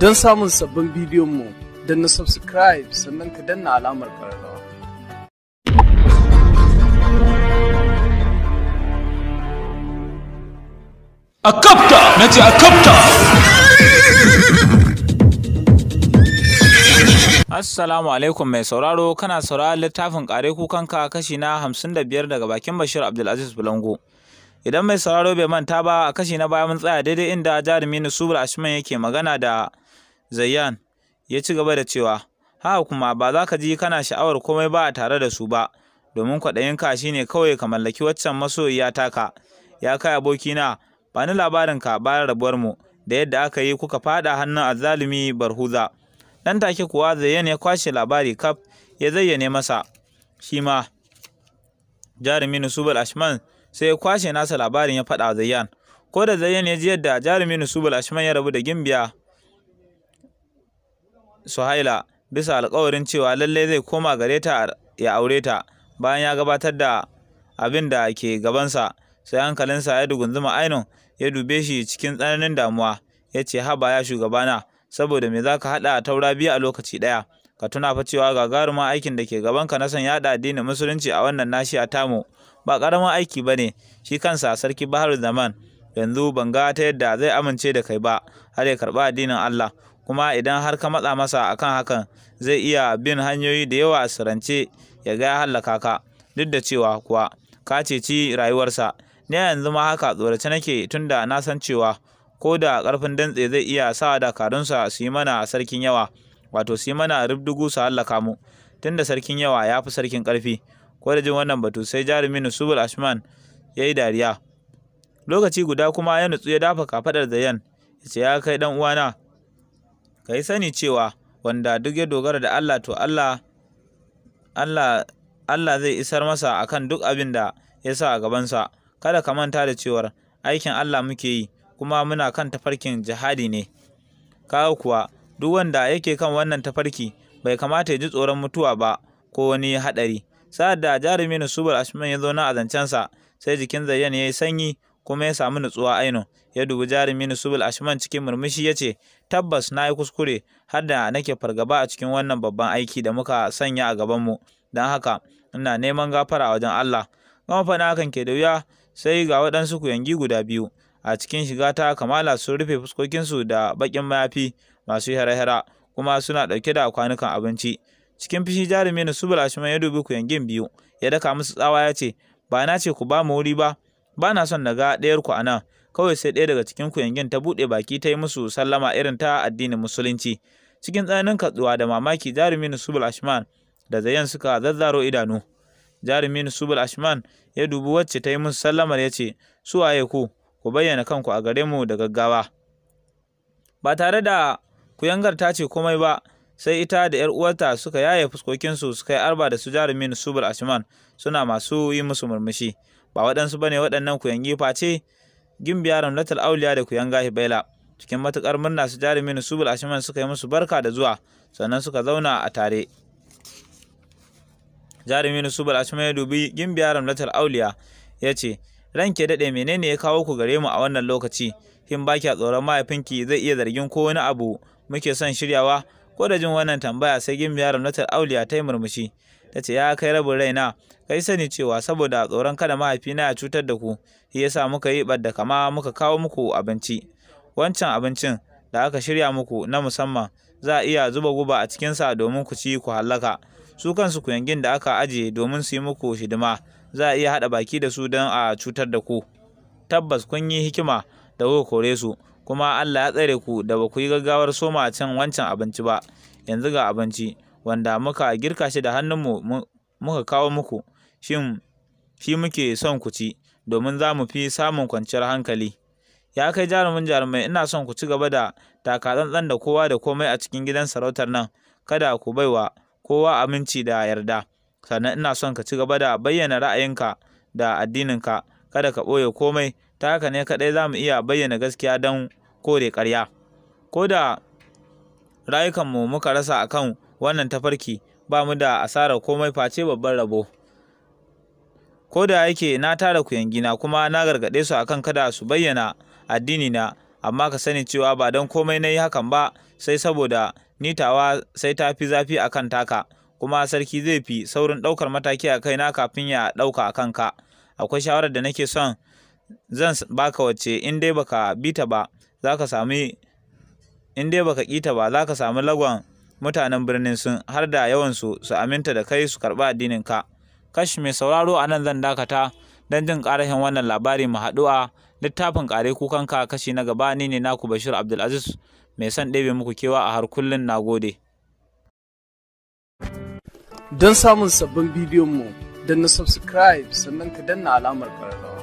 Don samun sabbin bidiyon mu, na subscribe sannan ka danna alamar ƙararrawa. A kapta! Na ce a kapta! Assalamu alaikum mai sauraro kana sauraron littafin kare kukanka kashi na hamsin da biyar daga bakin Bashir Abdulaziz Bulango. Idan mai sauraro bai manta ba a kashi na baya mun tsaya daidai inda jarumi Nusubul Ashman yake magana da Zayyan ya ci gaba da cewa haka kuma ba za ka ji kana sha'awar komai ba a tare da su ba domin kwaɗayin kwaɗayinka ne kawai ka mallaki waccan masoyiya taka ya kai abokina ba ni labarinka bayan rabuwar mu da yadda aka yi kuka fada hannun azzalumi barhuza dan take kuwa zayyan ya kwashe labari kaf ya zayyane masa shi ma jarumi nusubal ashman sai ya kwashe nasa labarin ya faɗa Zayyan. Ko da Zayyan ya ji yadda jarumin Nusubul Ashman ya rabu da Gimbiya Suhaila bisa alƙawarin cewa lallai zai koma gare ta ya aure ta bayan ya gabatar da abin da ke gabansa sai hankalinsa ya dugunzuma ainun ya dube shi cikin tsananin damuwa ya ce haba ya shugabana saboda me za ka a taura biyu a lokaci ɗaya ka tuna fa cewa gagarumin aikin da ke gabanka na son yaɗa addinin musulunci a wannan nashi a tamu ba ƙaramin aiki ba ne shi kansa sarki bahar zaman yanzu ban ga ta yadda zai amince da kai ba har ya karɓi addinin Allah kuma idan har ka matsa masa akan hakan zai iya bin hanyoyi da yawa a sirance ya ga ya hallaka ka duk da cewa kuwa ka ceci rayuwarsa ne yanzu ma haka tsorace nake tunda na san cewa ko da ƙarfin dantse zai iya sa dakarunsa su yi mana sarkin yawa wato su yi mana rubdugu su hallaka mu tunda sarkin yawa ya fi sarkin ƙarfi ko da jin wannan batu sai jarumin subul ashman ya yi dariya lokaci guda kuma ya nutsu ya dafa kafaɗar zayan ya ce ya kai ɗan uwana ka yi sani cewa wanda duk ya dogara da allah to allah allah allah zai isar masa akan duk abin da ya sa a gabansa kada ka manta da cewar aikin allah muke yi kuma muna kan tafarkin jihadi ne kawo kuwa duk wanda yake kan wannan tafarki bai kamata ya ji tsoron mutuwa ba ko wani haɗari sa'ad da jarumi nusubal ashman ya zauna na azancensa sai jikin zayyan ya yi sanyi kuma ya samu nutsuwa aino ya dubi jarumi nusubal ashman cikin murmushi ya ce tabbas na yi kuskure har da nake fargaba a cikin wannan babban aiki da muka sanya a gabanmu don haka ina neman gafara a wajen allah gama fana hakan ke da wuya sai ga waɗansu kuyangi guda biyu a cikin shiga ta kamala sun rufe fuskokinsu da baƙin mayafi masu hera-hera kuma suna ɗauke da kwanukan abinci cikin fushi jarumi na subul ya dubi kuyangin biyu ya daka musu tsawa ya ce ba na ce ku ba mu wuri ba ba na son na ga ɗayar ku anan kawai sai ɗaya daga cikin kuyangin ta buɗe baki ta yi musu sallama irin ta addinin musulunci cikin tsananin katsuwa da mamaki jarumi na subul da zayen suka zazzaro idanu jarumi na subul ya dubi wacce ta yi musu sallamar ya ce su waye ku ku bayyana kanku a gare mu da gaggawa ba tare da kuyangar ta ce komai ba sai ita da ‘yar uwarta suka yaye fuskokinsu suka yi arba da su jarumin subar ashman suna masu yi musu murmushi ba waɗansu ba ne waɗannan kuyangi face gimbiya ramlatal auliya da kuyanga baila cikin matukar murna su jarumin subar ashman suka yi musu barka da zuwa sannan suka zauna a tare jarumin subar ashman ya dubi gimbiya ramlatal auliya ya ce ranke daɗe menene ya kawo ku gare mu a wannan lokaci kin baki a tsoron mahaifinki zai iya zargin ko wani abu muke son shiryawa ko da jin wannan tambaya sai ya ramnata auliya ta yi murmushi ta ce ya kai rabin raina kai sani cewa saboda tsoron kada mahaifina ya cutar da ku shi yasa muka yi ɓadda kama muka kawo muku abinci wancan abincin da aka shirya muku na musamman za a iya zuba guba a cikin sa domin ku ci ku hallaka su kansu ku yangin da aka ajiye domin su yi muku hidima za a iya haɗa baki da su don a cutar da ku tabbas kun yi hikima da kuka kore su kuma Allah ya tsare ku da ba ku yi gaggawar soma cin wancan abinci ba yanzu ga abinci wanda muka girka shi da hannunmu muka kawo muku shin shi muke son ku ci domin za mu fi samun kwanciyar hankali ya kai jarumin jarumai ina son ku ci gaba da taka tsantsan da kowa da komai a cikin gidan sarautar nan kada ku baiwa kowa aminci da yarda sannan ina son ka ci gaba da bayyana ra'ayinka da addininka kada ka ɓoye komai ta haka ne kaɗai za mu iya bayyana gaskiya don kore ƙarya ko da rayukanmu muka rasa akan wannan tafarki ba mu da asarar komai face babban rabo ko da yake na tara kuyangina kuma na gargaɗe su akan kada su bayyana addini na amma ka sani cewa ba don komai na yi hakan ba sai saboda nitawa sai ta fi zafi akan taka kuma sarki zai fi saurin ɗaukar mataki a kaina kafin ya ɗauka a kanka akwai shawarar da nake son zan baka wacce in dai baka bi ta ba za ka sami in dai baka ƙi ba za ka sami lagon mutanen birnin sun har da yawansu su aminta da kai su karɓi addinin ka kash mai sauraro a nan zan dakata don jin ƙarashin wannan labari mu haɗu a littafin ƙare ka kashi na gaba ni ne naku bashir abdulaziz mai son ɗebe muku kewa a har kullum na gode don samun sabbin bidiyon mu na subscribe sannan ka danna alamar ƙararrawa